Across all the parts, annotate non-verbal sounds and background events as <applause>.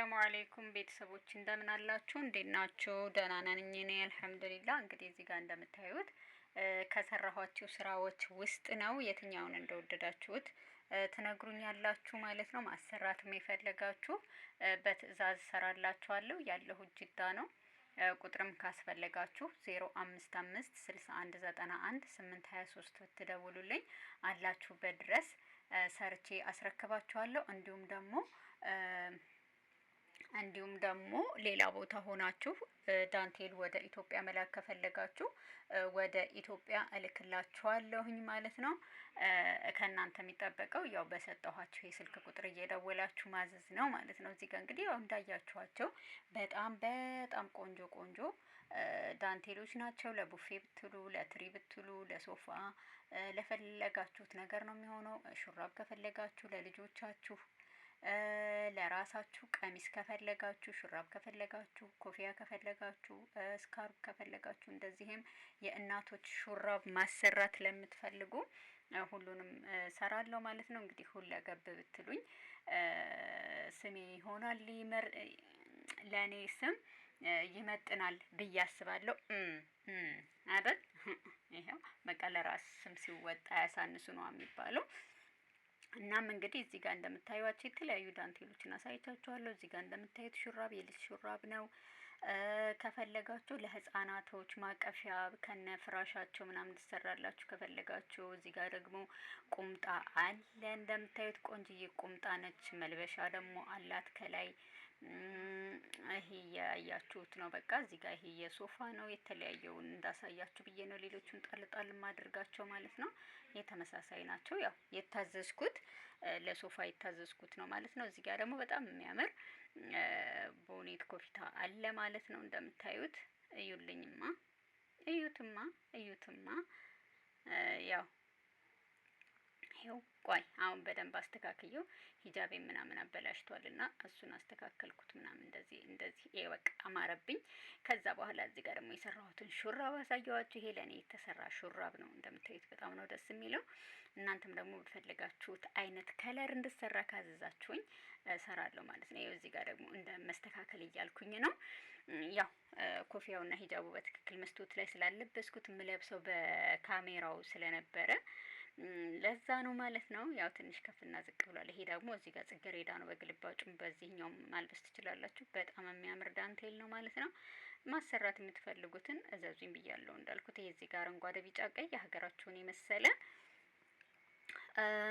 ሰላሙ አሌይኩም ቤተሰቦች እንደምን አላችሁ? እንዴት ናችሁ? ደህና ነኝ እኔ አልሐምዱሊላ። እንግዲህ እዚህ ጋር እንደምታዩት ከሰራኋቸው ስራዎች ውስጥ ነው። የትኛውን እንደወደዳችሁት ትነግሩኛላችሁ ማለት ነው። ማሰራትም የፈለጋችሁ በትዕዛዝ ሰራላችኋለሁ። ያለሁ ጅዳ ነው። ቁጥርም ካስፈለጋችሁ ዜሮ አምስት አምስት ስልሳ አንድ ዘጠና አንድ ስምንት ሀያ ሶስት ትደውሉልኝ አላችሁበት ድረስ ሰርቼ አስረክባችኋለሁ። እንዲሁም ደግሞ እንዲሁም ደግሞ ሌላ ቦታ ሆናችሁ ዳንቴል ወደ ኢትዮጵያ መላክ ከፈለጋችሁ ወደ ኢትዮጵያ እልክላችኋለሁኝ ማለት ነው። ከእናንተ የሚጠበቀው ያው በሰጠኋችሁ የስልክ ቁጥር እየደወላችሁ ማዘዝ ነው ማለት ነው። እዚህ ጋር እንግዲህ ያው እንዳያችኋቸው በጣም በጣም ቆንጆ ቆንጆ ዳንቴሎች ናቸው። ለቡፌ ብትሉ፣ ለትሪ ብትሉ፣ ለሶፋ ለፈለጋችሁት ነገር ነው የሚሆነው። ሹራብ ከፈለጋችሁ ለልጆቻችሁ ለራሳችሁ ቀሚስ ከፈለጋችሁ፣ ሹራብ ከፈለጋችሁ፣ ኮፊያ ከፈለጋችሁ፣ ስካርፍ ከፈለጋችሁ እንደዚህም የእናቶች ሹራብ ማሰራት ለምትፈልጉ ሁሉንም ሰራለሁ ማለት ነው። እንግዲህ ሁለገብ ብትሉኝ ስሜ ይሆናል ሊመር ለእኔ ስም ይመጥናል ብዬ አስባለሁ። አይደል? <laughs> ይኸው በቃ ለራስ ስም ሲወጣ ያሳንሱ ነው የሚባለው። እናም እንግዲህ እዚህ ጋር እንደምታዩቸው የተለያዩ ዳንቴሎችን አሳይቻችኋለሁ። እዚህ ጋር እንደምታዩት ሹራብ የልጅ ሹራብ ነው። ከፈለጋችሁ ለህፃናቶች ማቀፊያ ከነ ፍራሻቸው ምናምን ትሰራላችሁ ከፈለጋችሁ። እዚህ ጋር ደግሞ ቁምጣ አለ እንደምታዩት ቆንጅዬ ቁምጣ ነች። መልበሻ ደግሞ አላት ከላይ ይሄ ያያችሁት ነው። በቃ እዚህ ጋር ይሄ የሶፋ ነው። የተለያየውን እንዳሳያችሁ ብዬ ነው ሌሎቹን ጣልጣል ማድርጋቸው ማለት ነው። የተመሳሳይ ናቸው። ያው የታዘዝኩት ለሶፋ የታዘዝኩት ነው ማለት ነው። እዚህ ጋር ደግሞ በጣም የሚያምር ቦኔት ኮፊታ አለ ማለት ነው። እንደምታዩት እዩልኝማ፣ እዩትማ፣ እዩትማ ያው ይኸው ቆይ አሁን በደንብ አስተካክየው ሂጃቤ ምናምን አበላሽቷል እና እሱን አስተካከልኩት ምናምን እንደዚህ እንደዚህ ይሄ በቃ አማረብኝ። ከዛ በኋላ እዚህ ጋር ደግሞ የሰራሁትን ሹራብ አሳየዋችሁ። ይሄ ለእኔ የተሰራ ሹራብ ነው እንደምታዩት፣ በጣም ነው ደስ የሚለው። እናንተም ደግሞ በፈለጋችሁት አይነት ከለር እንድሰራ ካዘዛችሁኝ እሰራለሁ ማለት ነው። ይኸው እዚህ ጋር ደግሞ እንደ መስተካከል እያልኩኝ ነው ያው ኮፊያውና ሂጃቡ በትክክል መስቶት ላይ ስላለበስኩት ምለብሰው በካሜራው ስለነበረ ለዛ ነው ማለት ነው። ያው ትንሽ ከፍና ዝቅ ብሏል። ይሄ ደግሞ እዚህ ጋር ጽጌረዳ ነው በግልባጩም በዚህኛው ማልበስ ትችላላችሁ። በጣም የሚያምር ዳንቴል ነው ማለት ነው። ማሰራት የምትፈልጉትን እዘዙኝ ብያለሁ። እንዳልኩት ይሄ እዚህ ጋር አረንጓዴ፣ ቢጫ፣ ቀይ የሀገራችሁን የመሰለ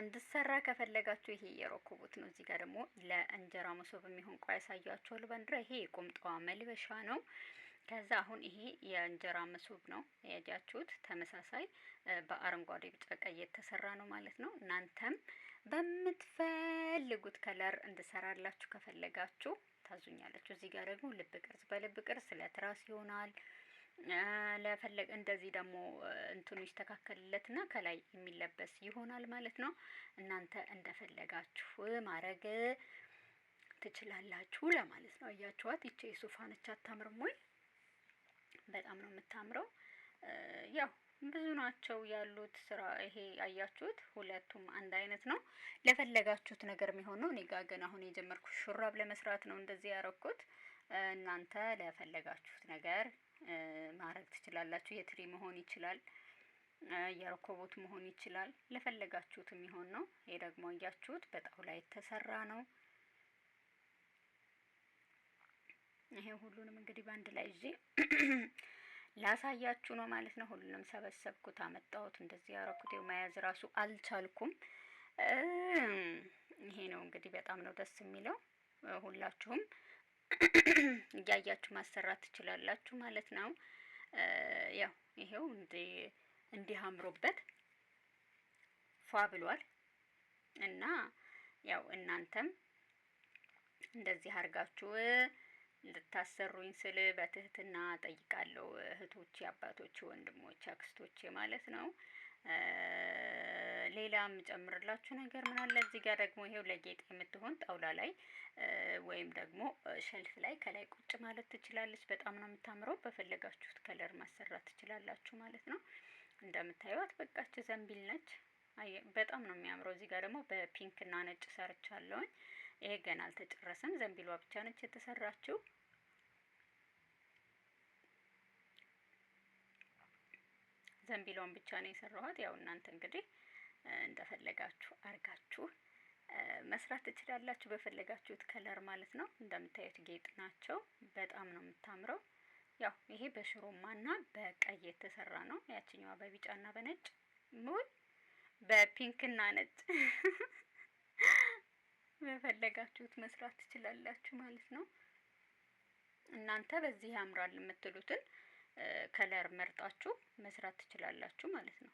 እንድሰራ ከፈለጋችሁ ይሄ የሮኮቦት ነው። እዚህ ጋር ደግሞ ለእንጀራ መሶብ የሚሆን ቋ ያሳያችኋል። በንድራ ይሄ የቁምጣዋ መልበሻ ነው። ከዛ አሁን ይሄ የእንጀራ መሶብ ነው ያያችሁት። ተመሳሳይ በአረንጓዴ ቢጫ ቀይ የተሰራ ነው ማለት ነው። እናንተም በምትፈልጉት ከለር እንድሰራላችሁ ከፈለጋችሁ ታዙኛላችሁ። እዚህ ጋር ደግሞ ልብ ቅርጽ በልብ ቅርጽ ለትራስ ይሆናል። ለፈለግ እንደዚህ ደግሞ እንትኑ ይስተካከልለትና ከላይ የሚለበስ ይሆናል ማለት ነው። እናንተ እንደፈለጋችሁ ማድረግ ትችላላችሁ ለማለት ነው። እያችኋት ይቼ የሶፋ ነች አታምርም ወይ? በጣም ነው የምታምረው። ያው ብዙ ናቸው ያሉት ስራ ይሄ ያያችሁት ሁለቱም አንድ አይነት ነው። ለፈለጋችሁት ነገር የሚሆን ነው። እኔ ጋ ግን አሁን የጀመርኩት ሹራብ ለመስራት ነው እንደዚህ ያረኩት። እናንተ ለፈለጋችሁት ነገር ማድረግ ትችላላችሁ። የትሪ መሆን ይችላል፣ የረኮቦት መሆን ይችላል። ለፈለጋችሁት የሚሆን ነው። ይሄ ደግሞ እያችሁት በጣውላ የተሰራ ነው። ይሄ ሁሉንም እንግዲህ በአንድ ላይ እዚህ ላሳያችሁ ነው ማለት ነው። ሁሉንም ሰበሰብኩት፣ አመጣሁት፣ እንደዚህ ያረኩት። መያዝ ራሱ አልቻልኩም። ይሄ ነው እንግዲህ በጣም ነው ደስ የሚለው። ሁላችሁም እያያችሁ ማሰራት ትችላላችሁ ማለት ነው። ያው ይሄው እንዲህ አምሮበት ፏ ብሏል እና ያው እናንተም እንደዚህ አድርጋችሁ ልታሰሩኝ ስል በትህትና ጠይቃለሁ። እህቶቼ፣ አባቶቼ፣ ወንድሞቼ፣ አክስቶቼ ማለት ነው። ሌላ የምጨምርላችሁ ነገር ምን አለ እዚህ ጋር ደግሞ ይሄው ለጌጥ የምትሆን ጣውላ ላይ ወይም ደግሞ ሸልፍ ላይ ከላይ ቁጭ ማለት ትችላለች። በጣም ነው የምታምረው። በፈለጋችሁት ከለር ማሰራት ትችላላችሁ ማለት ነው። እንደምታዩት በቃች ዘንቢል ነች። በጣም ነው የሚያምረው። እዚህ ጋር ደግሞ በፒንክ እና ነጭ ሰርቻለሁኝ። ይሄ ገና አልተጨረሰም። ዘንቢሏ ብቻ ነች የተሰራችው። ዘንቢሏን ብቻ ነው የሰራኋት። ያው እናንተ እንግዲህ እንደፈለጋችሁ አርጋችሁ መስራት ትችላላችሁ፣ በፈለጋችሁት ከለር ማለት ነው። እንደምታዩት ጌጥ ናቸው። በጣም ነው የምታምረው። ያው ይሄ እና በቀይ የተሰራ ነው። ያችኛዋ በቢጫና በነጭ ሙል በፒንክና ነጭ <laughs> በፈለጋችሁት መስራት ትችላላችሁ ማለት ነው። እናንተ በዚህ ያምራል የምትሉትን ከለር መርጣችሁ መስራት ትችላላችሁ ማለት ነው።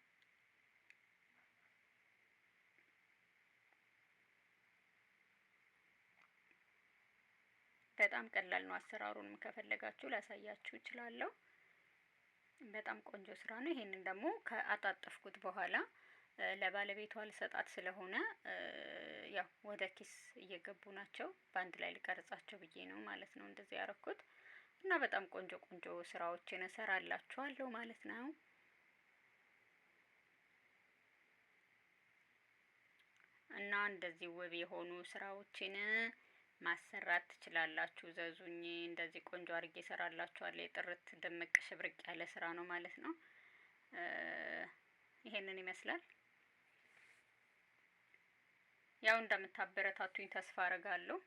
በጣም ቀላል ነው። አሰራሩንም ከፈለጋችሁ ላሳያችሁ እችላለሁ። በጣም ቆንጆ ስራ ነው። ይሄንን ደግሞ ከአጣጠፍኩት በኋላ ለባለቤቷ ልሰጣት ስለሆነ ያው ወደ ኪስ እየገቡ ናቸው። በአንድ ላይ ልቀርጻቸው ብዬ ነው ማለት ነው እንደዚህ ያረኩት እና በጣም ቆንጆ ቆንጆ ስራዎችን እሰራላችኋለሁ ማለት ነው። እና እንደዚህ ውብ የሆኑ ስራዎችን ማሰራት ትችላላችሁ። ዘዙኝ እንደዚህ ቆንጆ አድርጌ እሰራላችኋለሁ። የጥርት ድምቅ ሽብርቅ ያለ ስራ ነው ማለት ነው። ይሄንን ይመስላል። ያው እንደምታበረታቱኝ ተስፋ አረጋለሁ።